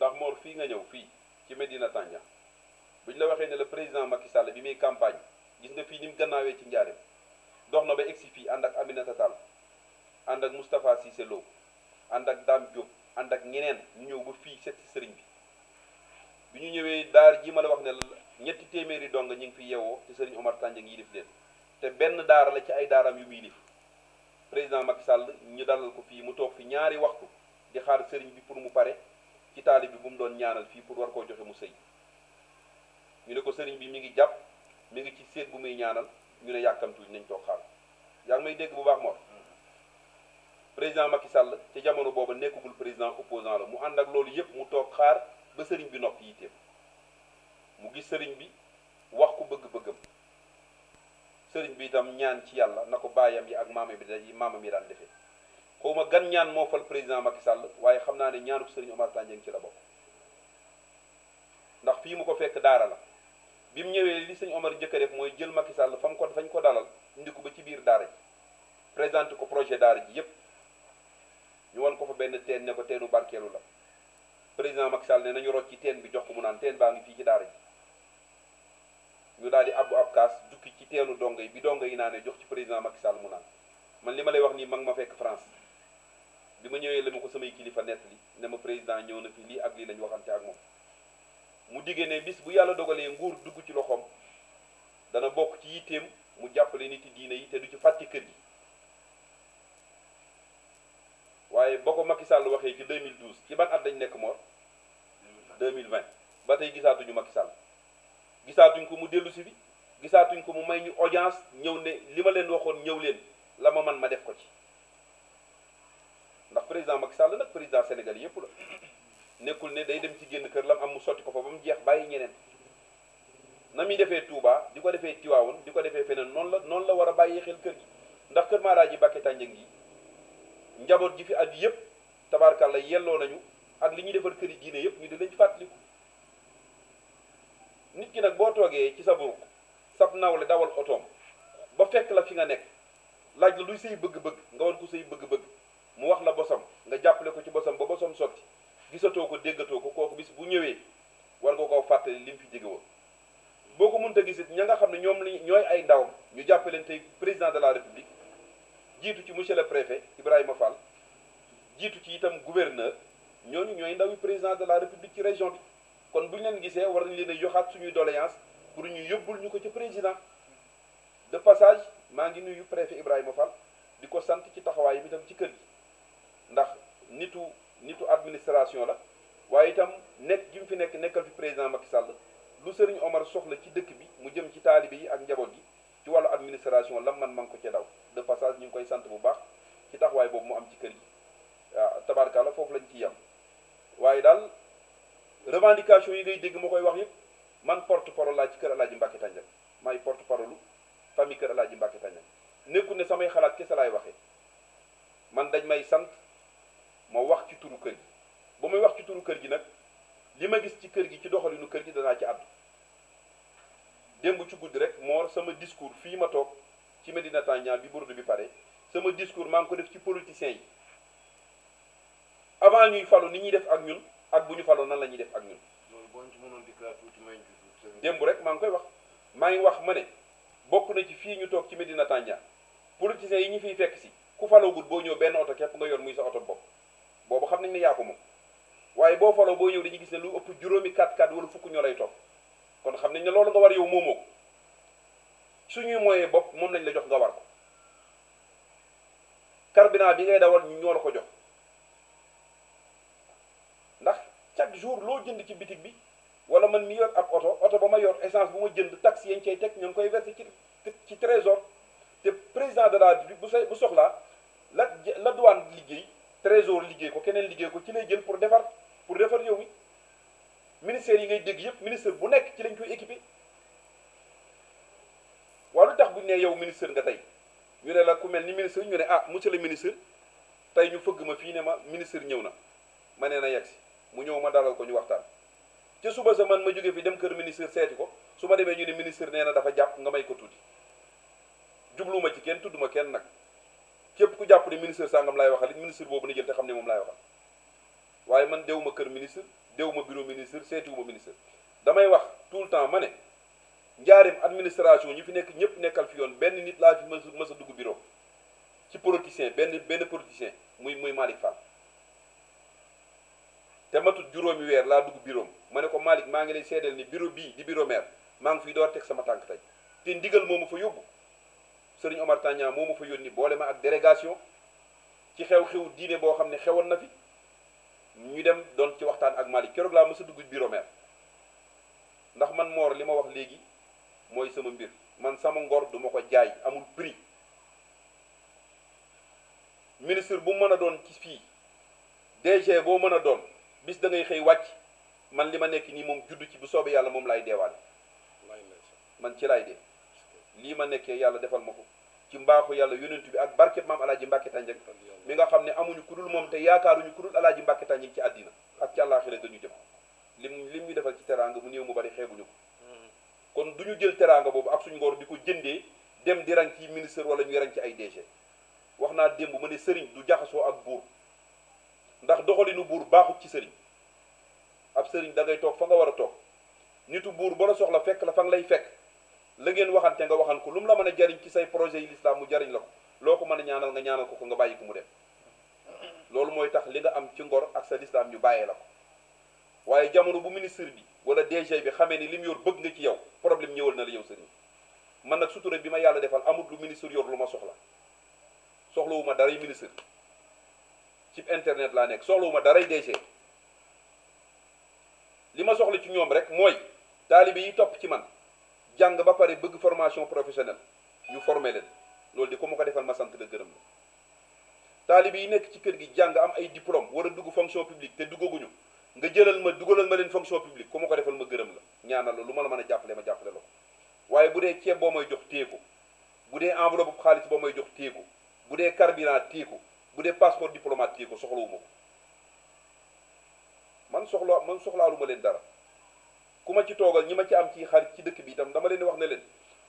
ndax Mor fii nga ñëw fii ci Medina Tandia bu ñu la waxee ne le président Macky Sall bi muy campagne gis nga fii ni mu gannaawee ci njaareem dox na ba egsi fii ànd ak Aminata Tall ànd ak Moustapha Cissé Lo ànd ak Dame Diop ànd ak ñeneen ñu ñëw ba fii setti sëriñ bi bi ñu ñëwee daar ji ma la wax ne ñetti téeméeri dong ñu ngi fi yeewoo ci sëriñ Omar Tandia ngi yilif leen te benn daara la ci ay daaraam yu muy yilif président Macky Sall ñu dalal ko fii mu toog fi ñaari waxtu di xaar sëriñ bi pour mu pare ci taalib bi bu mu doon ñaanal fii pour war koo joxe mu sëy ñu ne ko sëriñ bi mi ngi jàpp mi ngi ci seet bu muy ñaanal ñu ne yàkkamtuñ nañ toog xaar yaa ngi may dégg bu baax Mor président Macky Sall ci jamono boobu nekkagul président opposant la mu ànd ak loolu yépp mu toog xaar ba sëriñ bi noppi yitteem mu gis sëriñ bi wax ku bëgg-bëggam sëriñ bi itam ñaan ci yàlla na ko baayam yi ak maamam yi daan defee xaw ma gan ñaan moo fal président Macky Sall waaye xam naa ne ñaanu ko Serigne Omar Tandiang ci la bokk ndax fii mu ko fekk daara la bi mu ñëwee li sëñ Omar jëkk a mooy jël Macky Sall fa ko fañ ko dalal indi ko ba ci biir daara ji présenté ko projet daara ji yépp ñu wan ko fa benn teen ne ko teenu barkeelu la président Macky Sall ne nañu rocc ci teen bi jox ko mu naan teen baa ngi fii ci daara ji ñu daal di abbu ab kaas jukki ci teenu dongo yi bi dongo yi naa ne jox ci président Macky Sall mu naan man li ma lay wax nii mag ma fekk France bi ma ñëwee la ma ko samay kilifa nett li ne ma président ñëw na fi lii ak lii lañ waxante ak moom mu diggee ne bis bu yàlla dogalee nguur dugg ci loxoom dana bokk ci yitteem mu jàppale nit yi diine yi te du ci fàtte kër gi waaye ba ko Macky Sall waxee ci 2012 ci ban at dañ nekk moor 2020 ba tey gisaatuñu Macky Sall gisaatuñ ko mu dellu si bi gisaatuñ ko mu may ñu audience ñëw ne li ma leen waxoon ñëw leen la ma man ma def ko ci président Macky Sall nag président Sénégal yëpp la nekkul ne day dem ci génn kër lam am mu sotti ko fa ba mu jeex bàyyi ñeneen na muy defee Touba di ko defee Tiwaawoon di ko defee feneen noonu la noonu la war a bàyyi xel kër gi ndax kër Maalaaji Mbàkke Tànjang gi njaboot ji fi ak yëpp la yelloo nañu ak li ñuy defar kër yi diine yëpp ñu di leen fàttaliku nit ki nag boo toogee ci sa bopp sab nawle dawal otoom ba fekk la fi nga nekk laaj la luy say bëgg-bëgg nga war ko say bëgg mu wax la bosam nga jàppale ko ci bosam ba bosam sotti gisatoo ko déggatoo ko kooku bis bu ñëwee war nga koo fàttali li mu fi boo ko mënta gis it ña nga xam ne ñoom lañ ñooy ay ndawam ñu jàppaleen tey président de la république jiitu ci monsieur le préfet Ibrahima Fall jiitu ci itam gouverneur ñoo ñooñu ñooy ndawi président de la république ci région bi kon bu ñu leen gisee war nañ leen a joxaat suñuy doléance pour ñu yóbbul ñu ko ci président de maa ngi nuyu préfet Ibrahima Fall di ko sant ci taxawaay bi tam ci kër gi ndax nitu nitu administration la waaye itam nekk gi fi nekk nekkal fi président Macky sàll lu sëriñ Omar soxla ci dëkk bi mu jëm ci taalibe yi ak njaboot gi ci wàllu administration lam man man ko ca daw de passage ñu ngi koy sant bu baax ci taxawaay boobu mu am ci kër gi waaw tabarkalla foofu lañ ci yem waaye daal revendication yi ngay dégg ma koy wax yëpp man porte parole laa ci kër laaj Alaaji Mbàkke Tandian maay porte parole famille kër Alaaji Mbàkke Tandian nekkul ne samay xalaat kese laay waxee man dañ may sant discours fii ma toog ci Medina Tania bi burdu bi pare sama discours maa ngi ko def ci politiciens yi avant ñuy falu ni ñuy def ak ñun ak bu ñu faloo na la ñuy def ak ñun. démb rek maa ngi koy wax maa ngi wax ma ne bokk na ci fii ñu toog ci Medina Tania politiciens yi ñu fiy fekk si ku faloogut boo ñëw benn oto képp nga yor muy sa oto bopp boobu xam nañ ne yaa ko moom waaye boo faloo boo ñëw dañuy gis ne lu ëpp juróomi 4 4 wala fukk ñoo lay topp kon xam nañ ne loolu nga war yow moomoo ko suñuy moyen bopp moom lañ la jox nga war ko carburant bi ngay dawal ñu ñoo la ko jox ndax chaque jour loo jënd ci bitig bi wala man mi yor ab oto oto ba ma yor essence bu ma jënd taxe yañ cay teg ñoom koy versé ci ci trésor te président de la République bu sa bu soxlaa la la douane liggéey trésor liggéey ko keneen liggéey ko ci lay jël pour defar pour defar yow mi ministère yi ngay dégg yëpp ministre bu nekk ci lañ koy équipé ne yow ministre nga tey ñu ne la ku mel ni ministre ñu ne ah monsieur le ministre tey ñu fëgg ma fii ne ma ministre ñëw na ma ne na yegg si mu ñëw ma dalal ko ñu waxtaan ca suba sa man ma jóge fi dem kër ministre seeti ko su ma demee ñu ne ministre nee na dafa jàpp nga may ko tuuti jubluwuma ci kenn tudduma kenn nag képp ku jàpp ne ministre sàngam laay waxal ministre boobu na jël te xam ne moom laay waxal waaye man dewuma kër ministre dewuma bureau ministre seetiwuma ministre damay wax tout le temps ma ne njaarim administration ñi fi nekk ñëpp nekkal fi yoon benn nit laa fi mës mës a dugg bureau ci politicien benn benn politicien muy muy Malick Fall te matut juróomi weer laa dugg bureau ma ne ko Malick maa ngi lay seedeel ni bureau bii di bureau maire maa ngi fiy door teg sama tànk tey te ndigal moomu fa yóbbu Serigne Omar Tagna moomu fa yónni boole ma ak délégation ci xew-xew diine boo xam ne xewoon na fi ñu dem doon ci waxtaan ak Malick keroog laa mës a dugg ndax man moor li ma wax léegi mooy sama mbir man sama ngor duma ko jaay amul prix ministre bu mën a doon ci fii DG boo mën a doon bis da ngay xëy wàcc man li ma nekk nii moom judd ci bu soobee yàlla moom laay deewaale man ci laay dee lii ma nekkee yàlla defal ma ko ci mbaaxu yàlla yonent bi ak barkeb maam alaaji Mbàkke Tànjang mi nga xam ne amuñu ku dul moom te yaakaaruñu ku dul alaaji Mbàkke Tànjang ci àddina ak ci àllaaxira ga ñu jëm lim lim ñu defal ci teraanga mu néew mu bari xeebuñu ko kon du ñu jël teraanga boobu ak suñu ngor di ko jëndee dem di rang ci ministre wala ñuy rang ci ay DG wax naa démb ma ne sëriñ du jaxasoo ak buur ndax doxalinu buur baaxut ci sëriñ ab sëriñ da toog fa nga war a toog nitu buur ba la soxla fekk la fa nga lay fekk la ngeen waxante nga waxan ko lu mu la mën a jariñ ci say projet yi lislaam mu jariñ la ko loo ko mën a ñaanal nga ñaanal ko ko nga bàyyi ko mu dem loolu mooy tax li nga am ci ngor ak sa lislaam ñu bàyyee la ko jamono bu ministre bi wala DG bi xamee ni mu yor bëgg nga yow problème ñëwal na la yow sëriñ man nag sutura bi ma yàlla defal amut lu ministre yor lu ma soxla soxlawu ma daray ministre ci internet laa nekk soxlawu ma daray DG li ma soxla ci ñoom rek mooy taalibe yi topp ci man jàng ba pare bëgg formation professionnelle ñu formé leen loolu di ko ma ko defal ma sant la gërëm la taalibe yi nekk ci kër gi jàng am ay diplôme war a dugg fonction publique te duggaguñu nga jëlal ma dugalal ma leen fonction publique ku ma ko defal ma gërëm la ñaana la lu ma la mën a jàppalee ma jàppale la ko waaye bu dee ceeb boo may jox téeku bu dee enveloppe bu xaalis boo may jox téeku bu dee carburant téeku bu dee passeport diplomate téeku soxlawuma ko man soxla man ma leen dara ku ma ci toogal ñi ma ci am ci xarit ci dëkk bi itam dama leen wax ne leen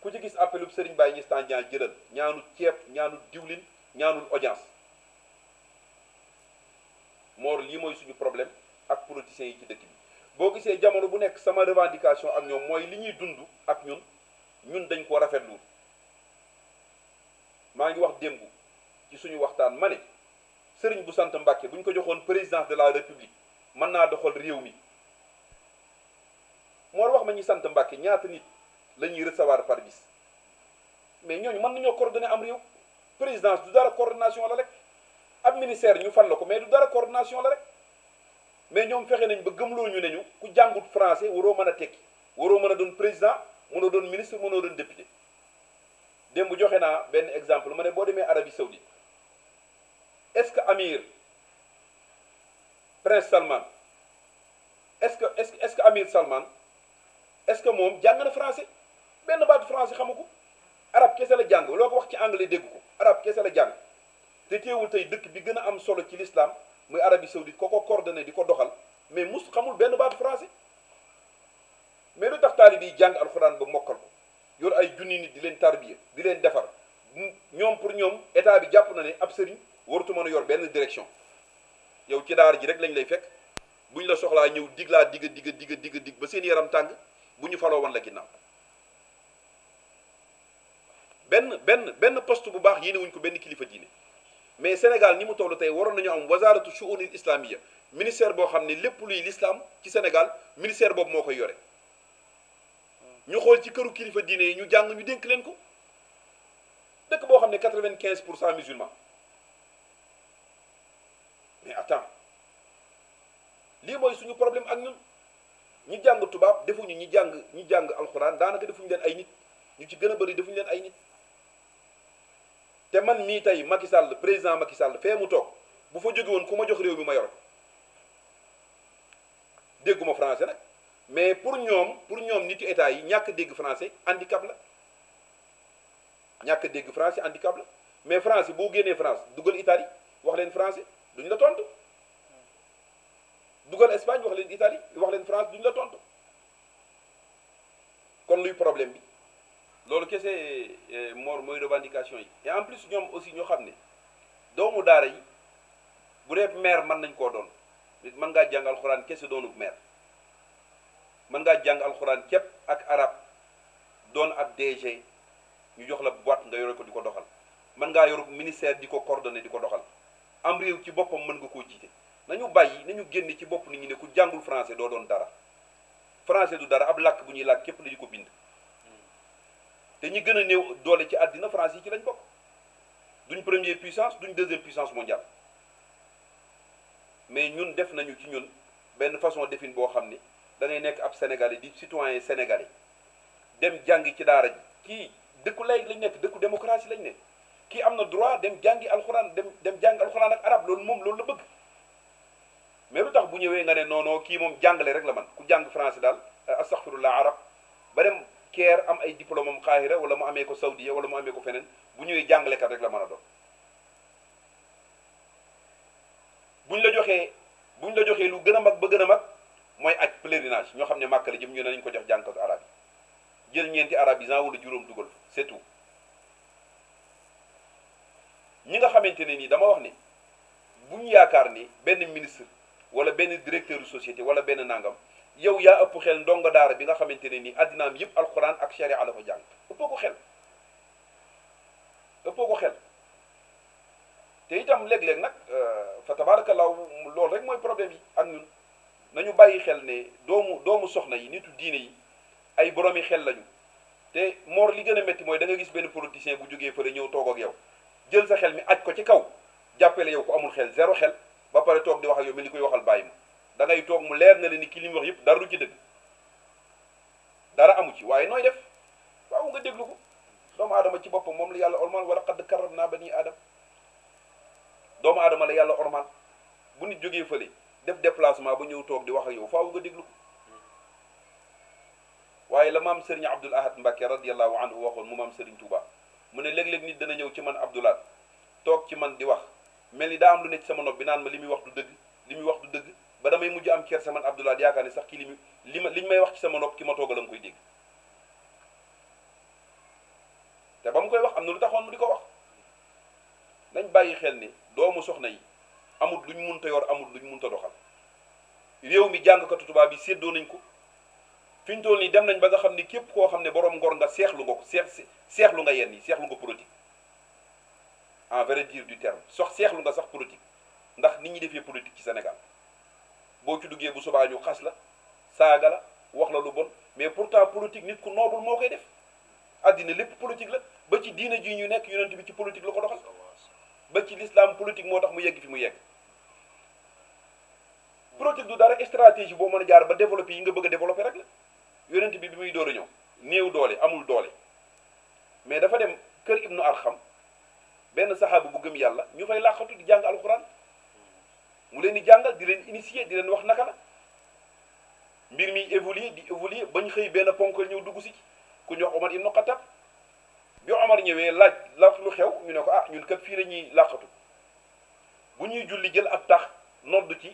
ku ci gis appelub Serigne Baye Niass Tandian jëlal ñaanu ceeb ñaanu diwlin ñaanul audience moor lii mooy suñu problème ak politiciens yi ci dëkk bi boo gisee jamono bu nekk sama revendication ak ñoom mooy li ñuy dund ak ñun ñun dañ ko rafetlu maa ngi wax démb ci suñu waxtaan ma ne sëriñ bu sant Mbàkke bu ñu ko joxoon présidence de la république mën naa doxal réew mi moo wax ma ñuy sant Mbàkke ñaata nit la ñuy recevoir par bis mais ñooñu mën nañoo coordonner am réew présidence du dara coordination la rek ab ministère ñu fan la ko mais du dara coordination la rek mais ñoom fexe nañ ba gëmloo ñu ne ñu ku jàngut français waroo mën a tekki waroo mën a doon président mënoo doon ministre mënoo doon député démb joxe naa benn exemple ma ne boo demee Arabie Saoudite est-ce que Amir Prince Salman est-ce que est-ce que est-ce que Amir Salman est-ce que moom jàng na français benn baat français xama ko arab kese la jàng loo ko wax ci anglais dégg ko arab kese la jàng te teewul tey dëkk bi gën a am solo ci l'islam muy Arabie Saoudite ko ko coordonné di ko doxal mais mus xamul benn baat français mais lu tax taalib yi jàng alxuraan ba mokkal ko yor ay junni nit di leen tarbiya di leen defar ñoom pour ñoom état bi jàpp na ne ab sëriñ wartu ma a yor benn direction yow ci daar ji rek lañ lay fekk buñ la soxlaa ñëw dig laa digga digga digga digga dig ba seen yaram tàng bu ñu faloo woon la ginnaaw benn benn benn post bu baax yéene wuñ ko benn kilifa diine mais Sénégal ni mu toll tey waroon nañu am wasaaratu shu'unil islamiyya ministère boo xam ne lépp luy l'islam ci Sénégal ministère boobu moo ko yore ñu xool ci këru kilifa diine yi ñu jàng ñu dénk leen ko dëkk boo xam ne quatre-vingt-quinze pour cent musulmans mais attends lii mooy suñu problème ak ñun ñu jàng tubaab defuñu ñu jàng ñu jàng alxuraan daanaka defuñu leen ay nit ñu ci gën a bëri defuñu leen ay nit. te man mii tey makisal Sall président Macky Sall fee mu toog bu fa jóge woon ku ma jox réew mi ma yor dégguma français nag mais pour ñoom pour ñoom nitu état yi ñàkk dégg français handicap la ñàkk dégg français handicap la mais français boo génnee France dugal Italie wax leen français duñ la tontu dugal Espagne wax leen Italie wax leen France duñ la tontu kon luy problème bi. loolu kese eh, Mor mooy revendication yi et en plus ñoom aussi ñoo xam ne doomu daara yi bu dee maire mën nañ koo doon nit mën ngaa jàng alxuraan kese doonu maire mën ngaa jàng képp ak arab doon ak DG ñu jox la boîte nga yore ko di ko doxal mën ngaa yorub ministère di ko coordonné di ko doxal am réew ci boppam mën nga koo jiite nañu bàyyi nañu génn ci bopp nit ñi ne ku jàngul français doo doon dara français du dara ab làkk bu ñuy làkk képp dañu ko bind te ñi gën a néew doole ci àddina France yi ci lañ bokk duñ première puissance duñ deuxième puissance mondiale mais ñun def nañu ci ñun benn façon défine boo xam ni da nekk ab sénégalais di citoyen sénégalais dem jàngi ci daara ji kii dëkku lay lañ nekk dëkku démocratie lañ nekk kii am na droit dem jàngi alxuraan dem dem jàngi alxuraan ak arab loolu moom loolu la bëgg mais lu tax bu ñëwee nga ne noonoo kii moom jàngale rek la man ku jàng france daal astaghfirullah arab ba keer am ay diplôme am xaahira wala mu amee ko Saudiya wala mu amee ko feneen bu ñëwee jàngalekat rek la mën a doon buñ la joxee buñ la joxee lu gën a mag ba gën a mag mooy aj pèlerinage ñoo xam ne màkk la jëm ñu ne nañ ko jox jàngkatu arab yi jël ñeenti arabisant wala juróom dugal c'est ñi nga xamante ne nii dama wax ni buñ yaakaar ni benn ministre wala benn directeur de société wala benn nangam yow yaa ëpp xel ndongo daara bi nga xamante ne nii addinaam yëpp alquran ak sharia la ko jàng ëppoo ko xel ëppoo ko xel te itam léeg-léeg nag euh, fa law lool rek mooy problème yi ak ñun nañu bàyyi xel ne doomu doomu soxna yi nitu diine yi ay boroomi xel lañu te moor li gën a métti mooy da gis benn politicien bu jógee fële ñëw toog ak yow jël sa xel mi aj ko ci kaw jàppale yow ko amul xel zéro xel ba pare toog di wax ak yow mel ni koy waxal bàyyi ma da toog mu leer na leen ni ki li mu wax yépp dara du ci dëgg dara amu ci waaye nooy def waaw nga déglu ko doomu adama ci boppam moom la yàlla ormal wala xadd karam naa bani aadama doomu aadama la yàlla ormal bu nit jógee fële def déplacement ba ñëw toog di wax ak yow faaw nga déglu ko waaye la maam Serigne Abdoul Ahad Mbacke radiyallahu anhu waxoon mu maam Serigne Touba mu ne léeg-léeg nit dana ñëw ci man Abdoul Ahad toog ci man di wax mel ni daa am lu ne ci sama nopp bi naan ma li muy wax du dëgg li muy wax du dëgg. ba damay mujj am kersa man Abdoulaye yaakaar ne sax ki li li ma liñ may wax ci sa nopp ki ma toogal a nga koy dégg te ba mu koy wax am na lu taxoon mu di ko wax nañ bàyyi xel ni doomu soxna yi amul luñ munta yor amul luñ munta doxal réew mi jàngkatu tubaab bi séddoo nañ ko fi ñu toll nii dem nañ ba nga xam ni képp koo xam ne borom ngor nga seexlu nga ko seex seexlu nga yenn yi seexlu nga politique en vrai dire du terme sox seexlu nga sax politique ndax nit ñi defee politique ci Sénégal boo ci duggee bu sobaa ñu xas la saaga la wax la lu bon mais pourtant politique nit ku noble moo koy def addina lépp politique la ba ci diina ji ñu nekk yonent bi ci politique la ko doxal ba ci l'islam politique moo tax mu yegg fi mu yegg politique du dara stratégie boo mën a jaar ba développé yi nga bëgg a développé rek la yonent bi bi muy door a ñëw néew doole amul doole mais dafa dem kër ibnu arxam benn saxaaba bu gëm yàlla ñu fay làqatu di jàng alxuraan mu leen di jàngal di leen initier di leen wax naka la mbir mi évoluer di évoluer bañ xëy benn ponkal ñëw dugg si ku ñu wax Omar ibn Khattab bi Omar ñëwee laaj laaj lu xew ñu ne ko ah ñun kat fii lañuy làqatu bu ñuy julli jël ab tax nodd ci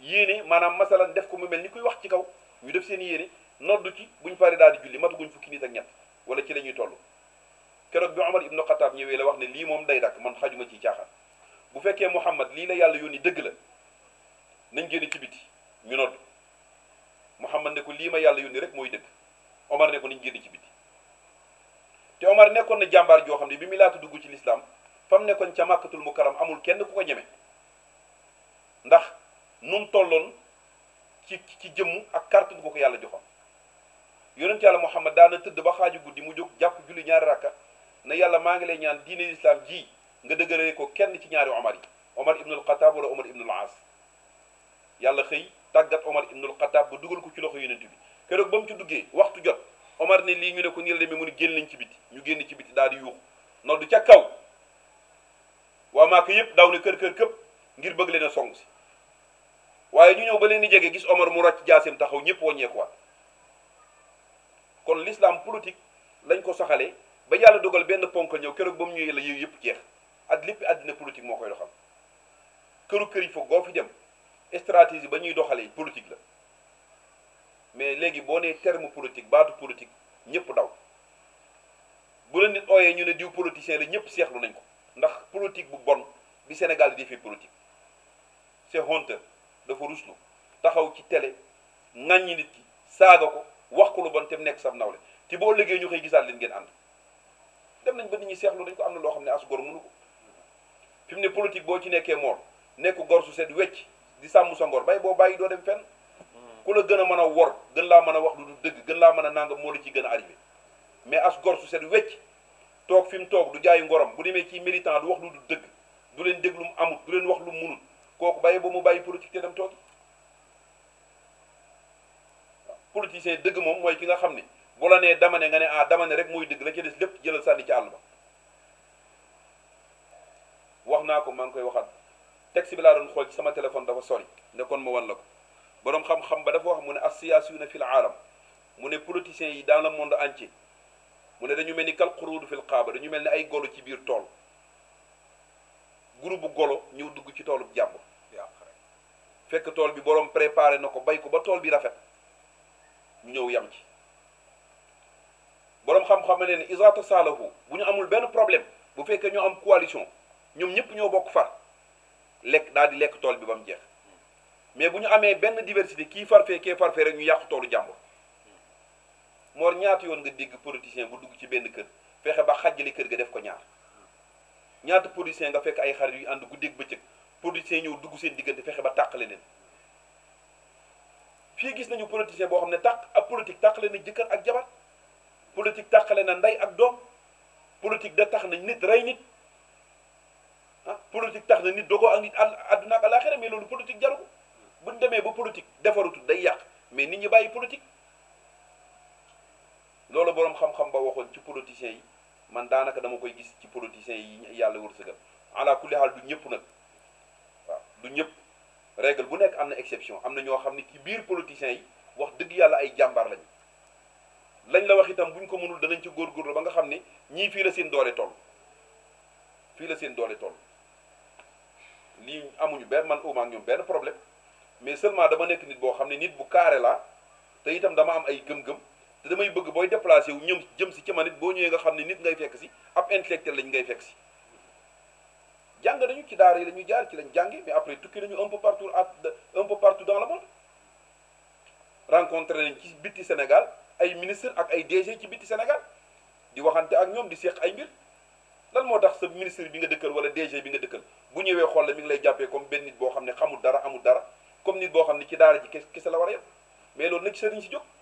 yéene maanaam masalan def ko mu mel ni kuy wax ci kaw ñu def seen yéene nodd ci buñ paree daal di julli mataguñ fukki nit ak ñett wala ci la ñuy toll keroog bi Omar ibn Khattab ñëwee la wax ne lii moom day dakk man xajuma ci caaxaan bu fekkee Muhammad lii la yàlla yónni dëgg la nañ génn ci biti ñu nodd Muhammad ne ko lii ma yàlla yónni rek mooy dëgg Omar ne nañ génn ci biti te Omar nekkoon na jàmbaar joo xam ne bi mu laata dugg ci lislaam mu nekkoon ca màkkatul mukarram amul kenn ku ko ñeme ndax nu tolloon ci ci jëmm ak carte bu ko ko yàlla joxoon yonent yàlla Muhammad daana tëdd ba xaaju guddi mu jóg jàpp julli ñaari rakka ne yàlla maa ngi lay ñaan diine ji nga dëgëree ko kenn ci ñaari omar yi omar ibnul xataab wala omar ibnul aas yàlla xëy tàggat omar ibnul xataab ba dugal ko ci loxo yonent bi keroog ba mu ci duggee waxtu jot omar ne lii ñu ne ko nii la demee mu génn nañ ci biti ñu génn ci biti daal di yuuxu noddu ca kaw waa maaka yëpp daw ne kër kër këpp ngir bëgg leen a song si waaye ñu ñëw ba leen di jege gis omar mu rocc jaaseem taxaw ñëpp wàññeekuwaat kon l'islam politique lañ ko soxalee ba yàlla dogal benn ponk ñëw keroog ba mu ñëwee la yëw yëpp jeex ak lépp àddina politique moo koy doxal këru këriñ foog boo fi dem stratégie ba ñuy doxalee politique la mais léegi boo nee terme politique baatu politique ñëpp daw bu la nit ooyee ñu ne diw politicien la ñëpp seexlu nañ ko ndax politique bu bon bi Sénégal di defee politique c'est honteux dafa ruslu taxaw ci télé ŋàññi nit ki saaga ko wax ko lu bon te mu nekk sab nawle ti boo liggéey ñu koy gisaat leen ngeen ànd dem nañ ba nit ñi seexlu dañ ko am na loo xam ne as góor fi mu ne politique boo ci nekkee moor nekk gor su set wecc di sàmm sa ngor bay boo bàyyi doo dem fenn hmm. ku la gën a mën a wor gën laa mën a wax lu du dëgg gën laa mën a nangam moo la ci gën a arrivé mais as gor su set wecc toog fi mu toog du jaayu ngorom bu demee ci militant du wax lu du dëgg du leen déglu mu amut du leen wax lu munul kooku bàyyi ba mu bàyyi politique te dem toog politicien dëgg moom mooy ki nga xam ni bu la nee dama ne nga ne ah dama ne rek mooy dëgg la ca des lépp jëlal sànni ci àll wax naa ko maa ngi koy waxaat texte bi laa doon xool ci sama téléphone dafa sori nekkoon ma wan la ko boroom xam-xam ba dafa wax mu ne as ne fil aalam mu ne politiciens yi dans le monde entier mu ne dañu mel ni kal xuruudu fil xaaba dañu mel ni ay golo ci biir tool groupe bu golo ñëw dugg ci toolub jàmbur fekk tool bi boroom préparé na ko bay ko ba tool bi rafet ñu ñëw yam ci boroom xam-xam ne ne saala saalahu bu ñu amul benn problème bu fekkee ñu am coalition ñoom ñëpp ñoo bokk far lekk daal di lekk tool bi ba mu jeex mais bu ñu amee benn diversité kii farfee kee farfee rek ñu yàqu toolu jàmbur moor ñaata yoon nga dégg politicien bu dugg ci benn kër fexe ba xàjjale kër ga def ko ñaar ñaata politicien nga fekk ay xarit yu ànd guddeeg bëccëg politicien ñëw dugg seen diggante fexe ba tàqale leen fii gis nañu politicien boo xam ne tàq ak politique tàqale na jëkkër ak jabar politique tàqale na ndey ak doom politique da tax na nit rey nit politique tax na nit doo ko ak nit àdduna ak àlaxira mais loolu politique jaru ko bu ñu demee ba politique defarutul day yàq mais nit ñi bàyyi politique loolu boroom xam-xam ba waxoon ci politiciens yi man daanaka dama koy gis ci politiciens yi yàlla wërsëgal ala kulli haal du ñëpp nag waaw du ñëpp règle bu nekk am na exception am na ñoo xam ne ci biir politiciens yi wax dëgg yàlla ay jàmbaar lañu lañ la wax itam buñ ko mënul danañ ci góorgóorlu ba nga xam ne ñii fii la seen doole toll fii la seen doole toll lii amuñu benn man uma ak ñoom benn problème mais seulement dama nekk nit boo xam ne nit bu carré la te itam dama am ay gëm-gëm te damay bëgg booy déplacé wu ñëm jëm si ci man nit boo ñëwee nga xam ne nit ngay fekk si ab intellectuel lañ ngay fekk si jàng nañu ci daara yi la ñu jaar ci lañ jàngi mais après tukki nañu un peu partout à un peu partout dans le monde rencontré nañ ci biti Sénégal ay ministre ak ay DG ci biti Sénégal di waxante ak ñoom di seq ay mbir lan moo tax sa ministre bi nga dëkkal wala DG bi nga dëkkal bu ñëwee xool la mi ngi lay jàppee comme benn nit boo xam ne xamul dara amul dara comme nit boo xam ne ci daara ji kese la war a yem mais loolu nag sëriñ si jóg